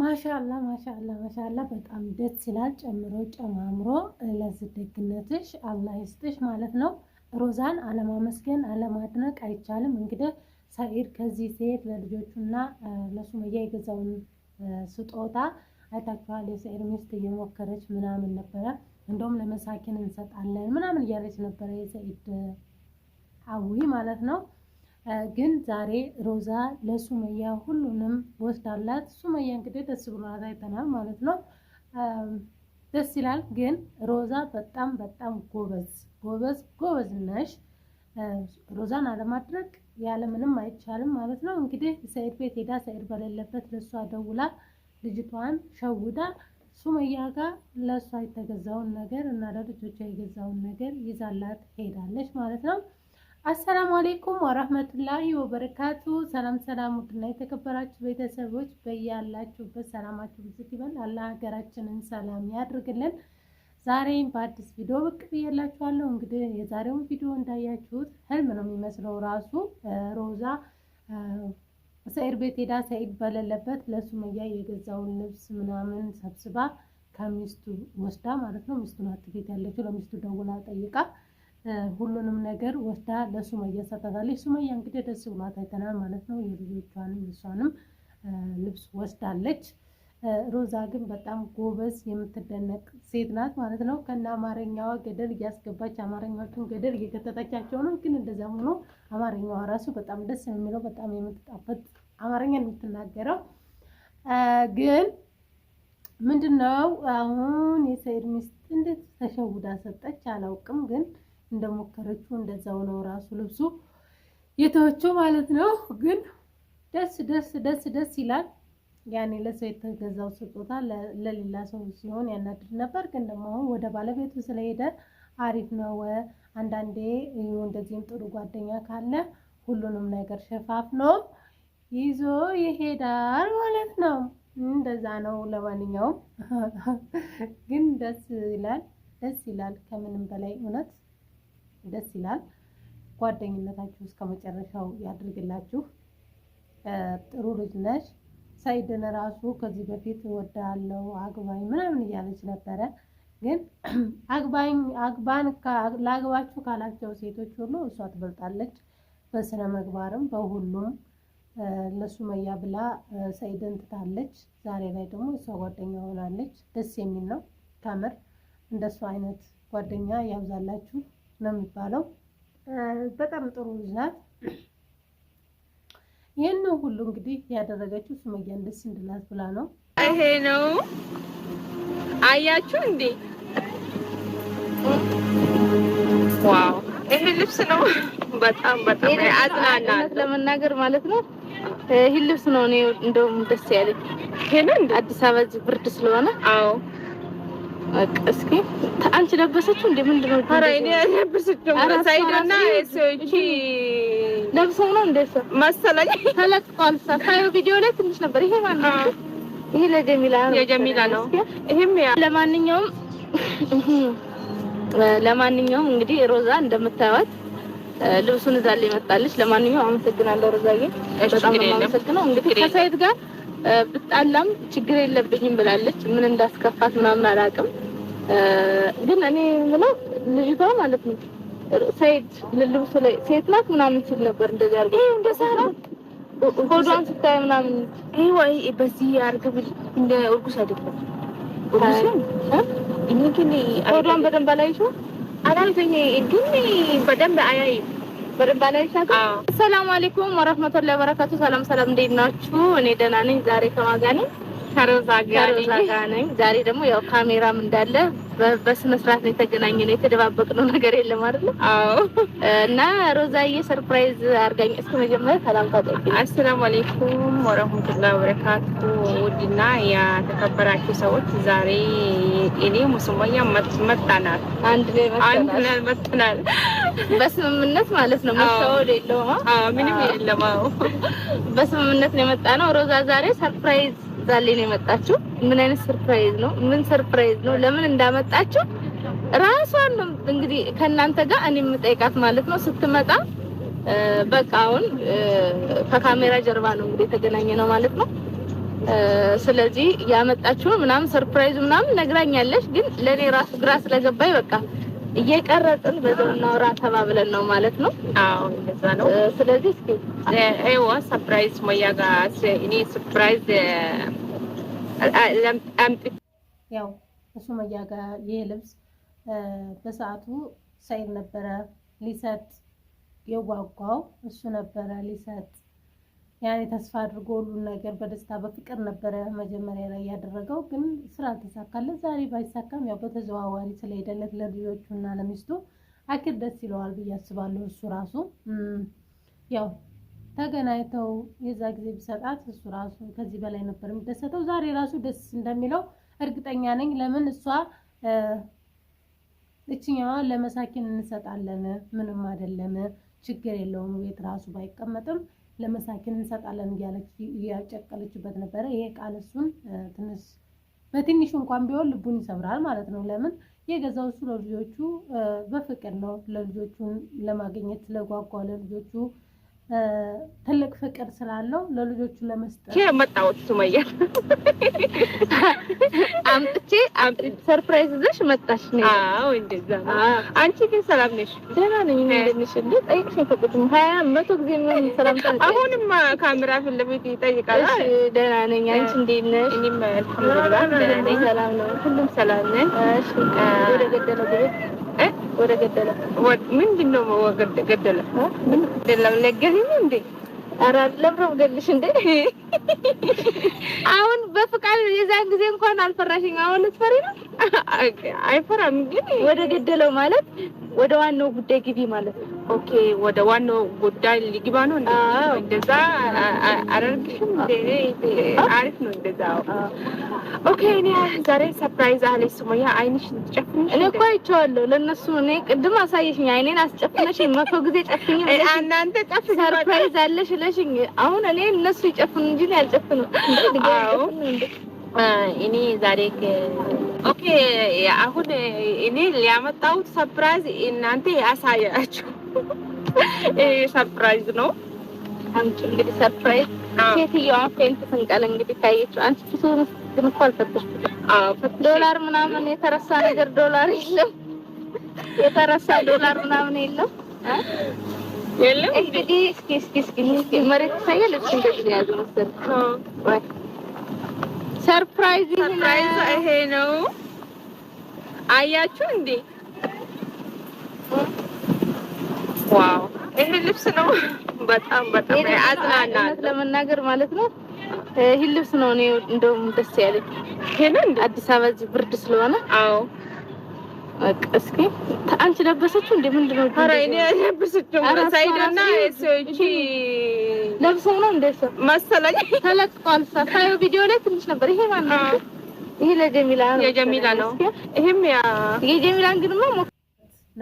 ማሻላ ማሻላ ማሻላ በጣም ደስ ይላል። ጨምሮ ጨማምሮ ለዚህ ደግነትሽ አላህ ይስጥሽ ማለት ነው። ሮዛን አለማመስገን አለማድነቅ አይቻልም። እንግዲህ ሰኢድ ከዚህ ሴት ለልጆቹና ለሱመያ የገዛውን ስጦታ አይታችኋል። የሰኢድ ሚስት እየሞከረች ምናምን ነበረ። እንደውም ለመሳኪን እንሰጣለን ምናምን እያለች ነበረ የሰኢድ አዊ ማለት ነው። ግን ዛሬ ሮዛ ለሱመያ ሁሉንም ወስዳላት ሱመያ እንግዲህ ደስ ብሏት አይተናል ማለት ነው። ደስ ይላል። ግን ሮዛ በጣም በጣም ጎበዝ ጎበዝ ጎበዝ ነሽ። ሮዛን አለማድረግ ያለምንም አይቻልም ማለት ነው። እንግዲህ ሰኢድ ቤት ሄዳ ሰኢድ በሌለበት ለእሷ ደውላ ልጅቷን ሸውዳ ሱመያ ጋር ለእሷ የተገዛውን ነገር እና ለልጆቿ የገዛውን ነገር ይዛላት ሄዳለች ማለት ነው። አሰላሙ አሌይኩም ወረህመቱላሂ ወበረካቱ። ሰላም ሰላም፣ ውድና የተከበራችሁ ቤተሰቦች በያላችሁበት ሰላማችሁ ብዝት ይበል። አላህ ሀገራችንን ሰላም ያድርግልን። ዛሬም በአዲስ ቪዲዮ ብቅ ብያላችኋለሁ። እንግዲህ የዛሬውን ቪዲዮ እንዳያችሁት ህልም ነው የሚመስለው። ራሱ ሮዛ ሰኢድ ቤት ሄዳ ሰኢድ በሌለበት ለሱመያ የገዛውን ልብስ ምናምን ሰብስባ ከሚስቱ ወስዳ ማለት ነው። ሚስቱ ናት ቤት ያለችው። ለሚስቱ ደውላ ጠይቃ ሁሉንም ነገር ወስዳ ለሱመያ ሰጣታለች። ሱመያ እንግዲህ ደስ ብሏት አይተናል ማለት ነው። የልጆቿንም የሷንም ልብስ ወስዳለች። ሮዛ ግን በጣም ጎበዝ የምትደነቅ ሴት ናት ማለት ነው። ከነ አማርኛዋ ገደል እያስገባች አማርኛዎቹን ገደል እየከተተቻቸው ነው። ግን እንደዛ ሆኖ አማርኛዋ ራሱ በጣም ደስ የሚለው በጣም የምትጣፈጥ አማርኛ የምትናገረው ግን ምንድነው አሁን የሰይድ ሚስት እንዴት ተሸውዳ ሰጠች አላውቅም ግን እንደሞከረችው እንደዛው ነው ራሱ ልብሱ የተወቸው ማለት ነው። ግን ደስ ደስ ደስ ደስ ይላል። ያኔ ለሰው የተገዛው ስጦታ ለሌላ ሰው ሲሆን ያናድድ ነበር። ግን ደግሞ አሁን ወደ ባለቤቱ ስለሄደ አሪፍ ነው። አንዳንዴ እንደዚህም ጥሩ ጓደኛ ካለ ሁሉንም ነገር ሸፋፍ ነው። ይዞ ይሄዳል ማለት ነው። እንደዛ ነው። ለማንኛውም ግን ደስ ይላል፣ ደስ ይላል ከምንም በላይ እውነት ደስ ይላል። ጓደኝነታችሁ እስከ መጨረሻው ያድርግላችሁ። ጥሩ ልጅ ነሽ። ራሱ ከዚህ በፊት እወዳለሁ አግባኝ ምናምን እያለች ነበረ። ግን አግባኝ አግባን ላግባችሁ ካላቸው ሴቶች ሁሉ እሷ ትበልጣለች በስነ ምግባርም በሁሉም። መያ ብላ ሰይድን ትታለች። ዛሬ ላይ ደግሞ እሷ ጓደኛ ሆናለች። ደስ የሚል ነው ከምር። እንደሱ አይነት ጓደኛ ያብዛላችሁ። ነው የሚባለው። በጣም ጥሩ ልጅ ናት። ይህን ሁሉ እንግዲህ ያደረገችው ሱመያን ደስ እንድላት ብላ ነው። ይሄ ነው አያችሁ እንዴ! ዋው! ይሄ ልብስ ነው። በጣም በጣም አዝናናት ለመናገር ማለት ነው። ይሄ ልብስ ነው እኔ እንደውም ደስ ያለኝ። ይሄንን አዲስ አበባ ብርድ ስለሆነ አዎ እስኪ አንቺ ለበሰችው እንዴ? ምንድን ነው? ኧረ እኔ ለበሰችው ሳይደና እቺ ለብሰው ነው እንዴ መሰለኝ። ተለቅቋል። ሳታየው ቪዲዮ ላይ ትንሽ ነበር። ይሄ ማን ነው? ይሄ ለጀሚላ ነው፣ የጀሚላ ነው። ይሄም ያ ለማንኛውም ለማንኛውም እንግዲህ ሮዛ እንደምታዩት ልብሱን እዛ ላይ መጣለች። ለማንኛውም አመሰግናለሁ ሮዛዬ፣ በጣም ነው የማመሰግነው። እንግዲህ ከሳይት ጋር ብጣላም ችግር የለብኝም ብላለች። ምን እንዳስከፋት ምናምን አላውቅም። ግን እኔ ምለው ልጅቷ ማለት ነው ሰይድ ልብሱ ላይ ሴት ናት ምናምን ሲል ነበር። እንደዚህ አርገ ይሄ እንደሰራ ሆዷን ስታይ ምናምን ይህ ወይ በዚህ አርግብ እንደ እርጉስ አይደለም እርጉስ ግን ሆዷን በደንብ አላየሽው አላልኩኝ ግን በደንብ አያይም በደንብ አላይሻት። ሰላም አለይኩም ወራህመቱላሂ ወበረካቱ። ሰላም ሰላም፣ እንዴት ናችሁ? እኔ ደህና ነኝ። ዛሬ ከማን ጋር ነኝ? ከሮዛ ጋር ነኝ። ዛሬ ደግሞ ያው ካሜራም እንዳለ በስነ ስርዓት ነው የተገናኘ ነው የተደባበቅ ነው ነገር የለም አይደል? አዎ። እና ሮዛዬ ሰርፕራይዝ አርጋኝ። እስኪ መጀመሪያ ሰላም ታጠቂ። አሰላሙ አለይኩም ወረህመቱላሂ ወበረካቱ። ውድና የተከበራችሁ ሰዎች ዛሬ እኔ ሙስሙያ መጣናል። አንድ ላይ አንድ ላይ በስምምነት ማለት ነው። መስተዋወድ የለውም። ምንም የለም። አዎ፣ በስምምነት ነው የመጣ ነው። ሮዛ ዛሬ ሰርፕራይዝ ዛሌ ነው የመጣችሁ። ምን አይነት ሰርፕራይዝ ነው? ምን ሰርፕራይዝ ነው? ለምን እንዳመጣችሁ ራሷን ነው እንግዲህ ከእናንተ ጋር እኔ የምጠይቃት ማለት ነው። ስትመጣ በቃ አሁን ከካሜራ ጀርባ ነው እንግዲህ የተገናኘ ነው ማለት ነው። ስለዚህ ያመጣችሁ ምናምን ሰርፕራይዙ ምናምን ነግራኛለች፣ ግን ለእኔ ራሱ ግራ ስለገባኝ በቃ እየቀረጽን በዛው እናውራ ተባብለን ነው ማለት ነው። አዎ እንደዛ ነው። ስለዚህ እስኪ አይዋ ሰርፕራይዝ ሞያ ጋር እኔ ሰርፕራይዝ አምጥ ያው ከሱመያ ጋር ይሄ ልብስ በሰዓቱ ሰይድ ነበረ ሊሰጥ የጓጓው እሱ ነበረ ሊሰጥ ያኔ ተስፋ አድርጎ ሁሉን ነገር በደስታ በፍቅር ነበረ መጀመሪያ ላይ ያደረገው። ግን ስራ አልተሳካለት። ዛሬ ባይሳካም ያው በተዘዋዋሪ ስለሄደለት እና ለሚስቱ አኪር ደስ ይለዋል ብዬ አስባለሁ። እሱ ራሱ ያው ተገናኝተው የዛ ጊዜ ቢሰጣት እሱ ራሱ ከዚህ በላይ ነበር የሚደሰተው። ዛሬ ራሱ ደስ እንደሚለው እርግጠኛ ነኝ። ለምን እሷ እችኛዋ ለመሳኪን እንሰጣለን፣ ምንም አይደለም፣ ችግር የለውም ቤት ራሱ ባይቀመጥም ለመሳኪን እንሰጣለን እያለች እያጨቀለችበት ነበረ። ይሄ ቃል እሱን ትንሽ በትንሹ እንኳን ቢሆን ልቡን ይሰብራል ማለት ነው። ለምን የገዛው እሱ ለልጆቹ በፍቅር ነው። ለልጆቹን ለማግኘት ስለጓጓ ለልጆቹ ትልቅ ፍቅር ስላለው ለልጆቹ ለመስጠት መጣሁት። ሱመያ አምጥቼ አምጥቼ ሰርፕራይዝ ይዘሽ መጣሽ ነው? አዎ እንደዛ ነው። አንቺ ግን ሰላም ነሽ? ደህና ነኝ። ምን እንደነሽ እንዴ? ጠይቅሽኝ እኮ ሀያ መቶ ጊዜ ምን ሰላም ታ አሁንማ ካሜራ ፊት ለፊት ይጠይቃል። እሺ ደህና ነኝ። አንቺ እንዴት ነሽ? እኔም አልሐምዱሊላህ ሰላም ነው፣ ሁሉም ሰላም ነን። እሺ ወደ ገደለው ቤት ወደ ገደለ ምንድን ነው ገደለ? ገደለም ነገርኝ እንዴ? ኧረ ለምረው ገልሽ እንዴ? አሁን በፍቃድ የዛን ጊዜ እንኳን አልፈራሽኝ። አሁን ልትፈሪ ነው? አይፈራም ግን ወደ ገደለው ማለት ወደ ዋናው ጉዳይ ግቢ ማለት ነው። ኦኬ ወደ ዋናው ጉዳይ ሊግባ ነው። እንደዛ አደርግሽም አሪፍ ነው። እንደዛ ኦኬ። እኔ ዛሬ ሰፕራይዝ አለች ሱመያ። አይንሽ ጨፍነሽ። እኔ እኮ አይቼዋለሁ። ለእነሱ እኔ ቅድም አሳየሽኝ። አይኔን አስጨፍነሽ መቶ ጊዜ ጨፍኝ። እናንተ ጨፍኝ ሰርፕራይዝ አለሽ ለሽኝ። አሁን እኔ እነሱ ይጨፍኑ እንጂ አልጨፍንም። እኔ ዛሬ ኦኬ አሁን እኔ ሊያመጣሁት ሰፕራይዝ እናንተ ያሳያችሁ ሰፕራይዝ ነው። አንቺ እንግዲህ ሰፕራይዝ ሴትዮዋ ፌንት ስንቀል እንግዲህ ታየችው። አንቺ ኪሱን እኮ አልፈተሽም። ዶላር ምናምን የተረሳ ነገር ዶላር የለም፣ የተረሳ ዶላር ምናምን የለም የለም። እንግዲህ እስኪ እስኪ እስኪ መሬት ይታያል። እስኪ እንደዚህ ነው ያዘ መሰለኝ። ሰርፕራይዝ ይሄ ነው። አያችሁ እንዴ? ዋው ይሄ ልብስ ነው። በጣም በጣም አዝናና ለመናገር ማለት ነው። ይሄ ልብስ ነው እኔ እንደውም ደስ ያለኝ ሄለን አዲስ አበባ እዚህ ብርድ ስለሆነ አዎ እስኪ አንቺ ለበሰችው እንዴ? ምንድን ነው? ኧረ እኔ ለበሰችው ሳይደና እቺ ለብሰው ነው እንደሰ መሰለኝ ተለቅቋል። ሳይው ቪዲዮ ላይ ትንሽ ነበር። ይሄ ማለት ነው ይሄ ለጀሚላ ነው፣ የጀሚላ ነው። ይሄም ያ የጀሚላን ግን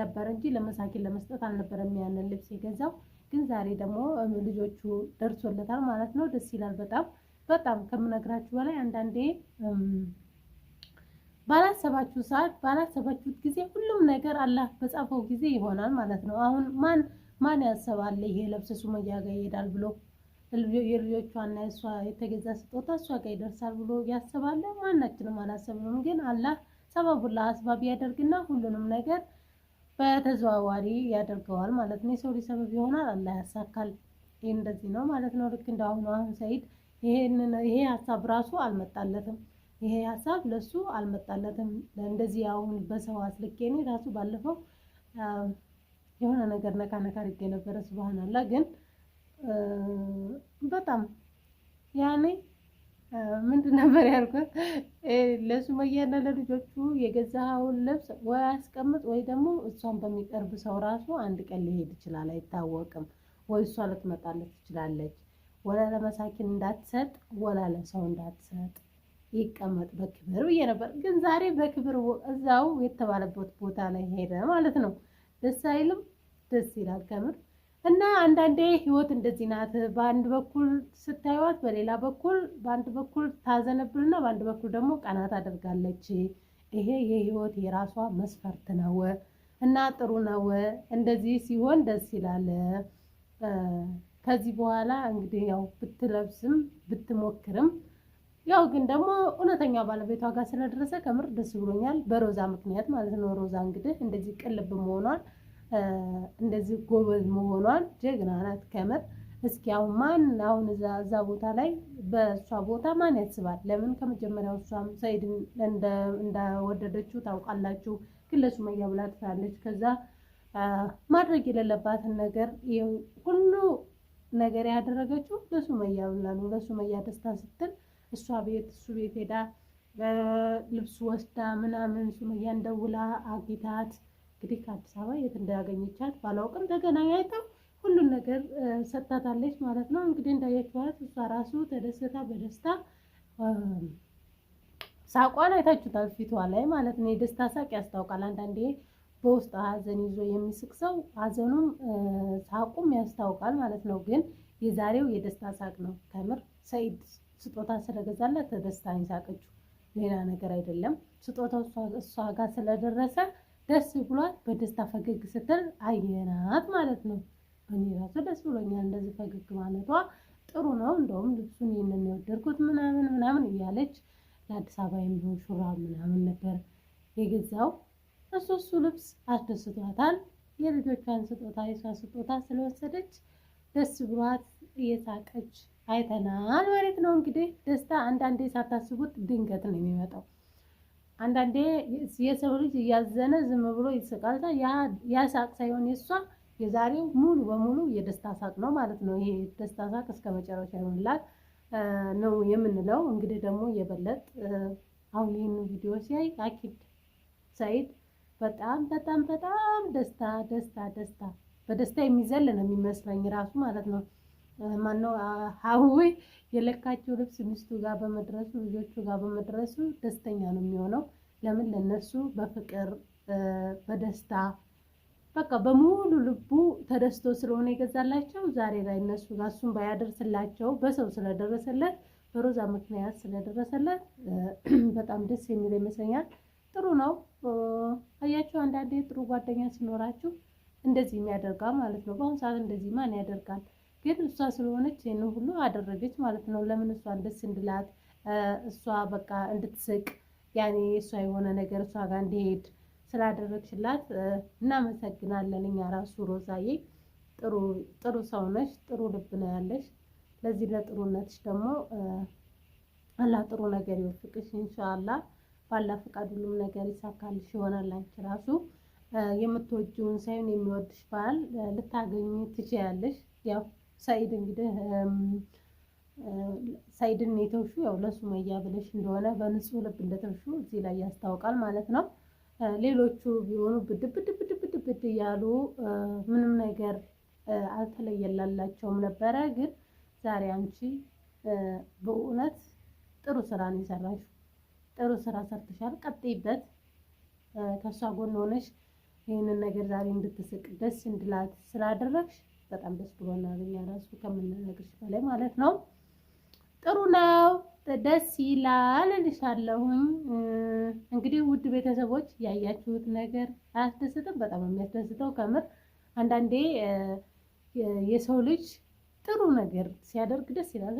ነበረ እንጂ ለመሳኪን ለመስጠት አልነበረም ያንን ልብስ የገዛው። ግን ዛሬ ደግሞ ልጆቹ ደርሶለታል ማለት ነው። ደስ ይላል በጣም በጣም ከምነግራችሁ በላይ አንዳንዴ ባላሰባችሁ ሰዓት ባላሰባችሁት ጊዜ ሁሉም ነገር አላህ በጻፈው ጊዜ ይሆናል ማለት ነው። አሁን ማን ማን ያሰባል ይሄ ለብሰ ሱመያ ጋር ይሄዳል ብሎ የልጆቿና እሷ የተገዛ ስጦታ እሷ ጋር ይደርሳል ብሎ ያስባለ ማናችንም አላሰብንም። ግን አላህ ሰበቡላ አስባብ ያደርግና ሁሉንም ነገር በተዘዋዋሪ ያደርገዋል ማለት ነው። የሰው ልጅ ሰበብ ይሆናል፣ አላህ ያሳካል። ይህ እንደዚህ ነው ማለት ነው። ልክ እንደአሁኑ አሁን ሰይድ ይሄ ሀሳብ ራሱ አልመጣለትም። ይሄ ሀሳብ ለሱ አልመጣለትም። እንደዚህ አሁን በሰው አስልኬ እኔ ራሱ ባለፈው የሆነ ነገር ነካ ነካ አድርጌ ነበረ። ስብሃናላ ግን በጣም ያኔ ምንድን ነበር ያልኩት? ለሱመያና ለልጆቹ የገዛኸውን ልብስ ወይ አስቀምጥ ወይ ደግሞ እሷን በሚቀርብ ሰው ራሱ አንድ ቀን ሊሄድ ይችላል፣ አይታወቅም። ወይ እሷ ልትመጣለት ትችላለች። ወላ ለመሳኪን እንዳትሰጥ፣ ወላ ለሰው እንዳትሰጥ፣ ይቀመጥ በክብር ብዬ ነበር። ግን ዛሬ በክብር እዛው የተባለበት ቦታ ላይ ሄደ ማለት ነው። ደስ አይልም? ደስ ይላል ከምር እና አንዳንዴ ህይወት እንደዚህ ናት። በአንድ በኩል ስታዩት፣ በሌላ በኩል በአንድ በኩል ታዘነብልና በአንድ በኩል ደግሞ ቀና ታደርጋለች። ይሄ የህይወት የራሷ መስፈርት ነው እና ጥሩ ነው። እንደዚህ ሲሆን ደስ ይላል። ከዚህ በኋላ እንግዲህ ያው ብትለብስም ብትሞክርም ያው ግን ደግሞ እውነተኛ ባለቤቷ ጋር ስለደረሰ ከምር ደስ ብሎኛል። በሮዛ ምክንያት ማለት ነው። ሮዛ እንግዲህ እንደዚህ ቅልብ መሆኗል እንደዚህ ጎበዝ መሆኗን ጀግና ናት ከምር። እስኪ አሁን ማን አሁን እዛ ቦታ ላይ በእሷ ቦታ ማን ያስባል? ለምን ከመጀመሪያው እሷም ሰይድ እንደወደደችው ታውቃላችሁ። ግን ለሱመያ ብላ ትላለች። ከዛ ማድረግ የሌለባትን ነገር ሁሉ ነገር ያደረገችው ለሱመያ ብላ ነው። ለሱመያ ደስታ ስትል እሷ ቤት እሱ ቤት ሄዳ ልብስ ወስዳ ምናምን ሱመያ እንደውላ አግኝታት እንግዲህ ከአዲስ አበባ የት እንዳገኘቻት ባላውቅም ተገናኝ ሁሉን ነገር ሰጥታታለች ማለት ነው። እንግዲህ እንዳያችኋት እሷ ራሱ ተደስታ በደስታ ሳቋን አይታችሁታል ፊቷ ላይ ማለት ነው። የደስታ ሳቅ ያስታውቃል። አንዳንዴ በውስጥ ሀዘን ይዞ የሚስቅ ሰው ሀዘኑም ሳቁም ያስታውቃል ማለት ነው። ግን የዛሬው የደስታ ሳቅ ነው። ከምር ሰኢድ ስጦታ ስለገዛላት ተደስታ ይሳቀችው ሌላ ነገር አይደለም። ስጦታ እሷ ጋር ስለደረሰ ደስ ብሏት በደስታ ፈገግ ስትል አየናት ማለት ነው። እኔ ራሱ ደስ ብሎኛል እንደዚህ ፈገግ ማለቷ ጥሩ ነው። እንደውም ልብሱን ይህንን የወደድኩት ምናምን ምናምን እያለች ለአዲስ አበባ የሚሆን ሹራብ ምናምን ነበር የገዛው። እሱ እሱ ልብስ አስደስቷታል። የልጆቿን ስጦታ የሷን ስጦታ ስለወሰደች ደስ ብሏት እየሳቀች አይተናል ማለት ነው። እንግዲህ ደስታ አንዳንዴ ሳታስቡት ድንገት ነው የሚመጣው። አንዳንዴ የሰው ልጅ እያዘነ ዝም ብሎ ይስቃል። ያ ሳቅ ሳይሆን የእሷ የዛሬው ሙሉ በሙሉ የደስታ ሳቅ ነው ማለት ነው። ይሄ ደስታ ሳቅ እስከ መጨረሻ ይሆንላት ነው የምንለው። እንግዲህ ደግሞ የበለጥ አሁን ይህን ቪዲዮ ሲያይ አኪድ ሰይድ በጣም በጣም በጣም ደስታ ደስታ ደስታ በደስታ የሚዘል ነው የሚመስለኝ ራሱ ማለት ነው። ማነው ሀዊ የለካቸው ልብስ ሚስቱ ጋር በመድረሱ ልጆቹ ጋር በመድረሱ ደስተኛ ነው የሚሆነው። ለምን ለነሱ በፍቅር በደስታ በቃ በሙሉ ልቡ ተደስቶ ስለሆነ የገዛላቸው ዛሬ ላይ እነሱ ጋር እሱን ባያደርስላቸው በሰው ስለደረሰለት በሮዛ ምክንያት ስለደረሰለት በጣም ደስ የሚል ይመስለኛል። ጥሩ ነው። አያችሁ አንዳንዴ ጥሩ ጓደኛ ሲኖራችሁ እንደዚህ የሚያደርጋ ማለት ነው። በአሁኑ ሰዓት እንደዚህ ማን ያደርጋል? ግን እሷ ስለሆነች ይህንን ሁሉ አደረገች ማለት ነው። ለምን እሷን ደስ እንድላት እሷ በቃ እንድትስቅ ያኔ እሷ የሆነ ነገር እሷ ጋር እንዲሄድ ስላደረግሽላት እናመሰግናለን። እኛ ራሱ ሮዛዬ ጥሩ ሰው ነሽ፣ ጥሩ ልብ ነው ያለሽ። ለዚህ ለጥሩነትሽ ደግሞ አላህ ጥሩ ነገር ይወፍቅሽ እንሻላ። ባላ ፈቃድ ሁሉም ነገር ይሳካልሽ ይሆናል። አንቺ ራሱ የምትወጂውን ሳይሆን የሚወድሽ ባል ልታገኝ ትችያለሽ ያው ሰኢድ እንግዲህ ሰኢድን የተውሹ ያው ለሱመያ ብለሽ እንደሆነ በንጹህ ልብ እንደተውሹ እዚህ ላይ ያስታውቃል ማለት ነው። ሌሎቹ ቢሆኑ ብድብድብድብድብድ እያሉ ምንም ነገር አልተለየላላቸውም ነበረ። ግን ዛሬ አንቺ በእውነት ጥሩ ስራ ነው የሰራሽ። ጥሩ ስራ ሰርተሻል፣ ቀጥይበት። ከእሷ ጎን ሆነሽ ይህንን ነገር ዛሬ እንድትስቅ ደስ እንድላት ስላደረግሽ በጣም ደስ ብሎናል። እኛ ራሱ ከምንነግርሽ በላይ ማለት ነው። ጥሩ ነው፣ ደስ ይላል እልሻለሁኝ። እንግዲህ ውድ ቤተሰቦች ያያችሁት ነገር አያስደስትም? በጣም የሚያስደስተው ከምር አንዳንዴ የሰው ልጅ ጥሩ ነገር ሲያደርግ ደስ ይላል።